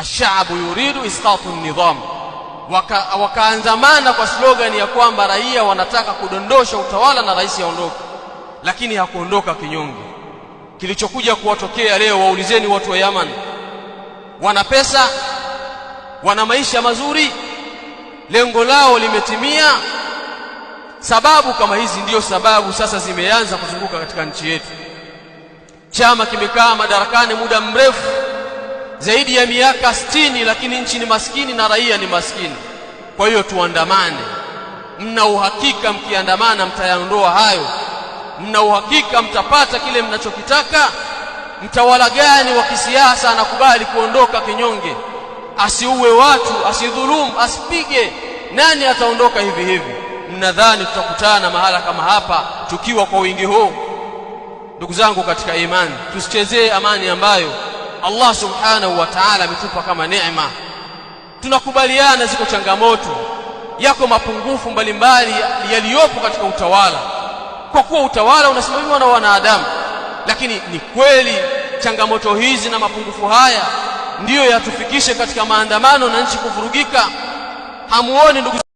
ash-sha'bu yuridu isqatu nidham, wakaandamana kwa slogani ya kwamba raia wanataka kudondosha utawala na rais aondoke, lakini hakuondoka kinyonge. Kilichokuja kuwatokea leo, waulizeni watu wa Yaman, wana pesa, wana maisha mazuri, lengo lao limetimia. Sababu kama hizi ndiyo sababu sasa zimeanza kuzunguka katika nchi yetu. Chama kimekaa madarakani muda mrefu zaidi ya miaka sitini, lakini nchi ni maskini na raia ni maskini. Kwa hiyo tuandamane. Mna uhakika mkiandamana mtayaondoa hayo? Mna uhakika mtapata kile mnachokitaka? Mtawala gani wa kisiasa anakubali kuondoka kinyonge, asiuwe watu, asidhulumu, asipige? Nani ataondoka hivi hivi? Mnadhani tutakutana mahala kama hapa tukiwa kwa wingi huu? Ndugu zangu katika imani, tusichezee amani ambayo Allah subhanahu wa ta'ala ametupa kama neema. Tunakubaliana ziko changamoto, yako mapungufu mbalimbali yaliyopo katika utawala, kwa kuwa utawala unasimamiwa na wanadamu. Lakini ni kweli changamoto hizi na mapungufu haya ndiyo yatufikishe katika maandamano na nchi kuvurugika. Hamuoni ndugu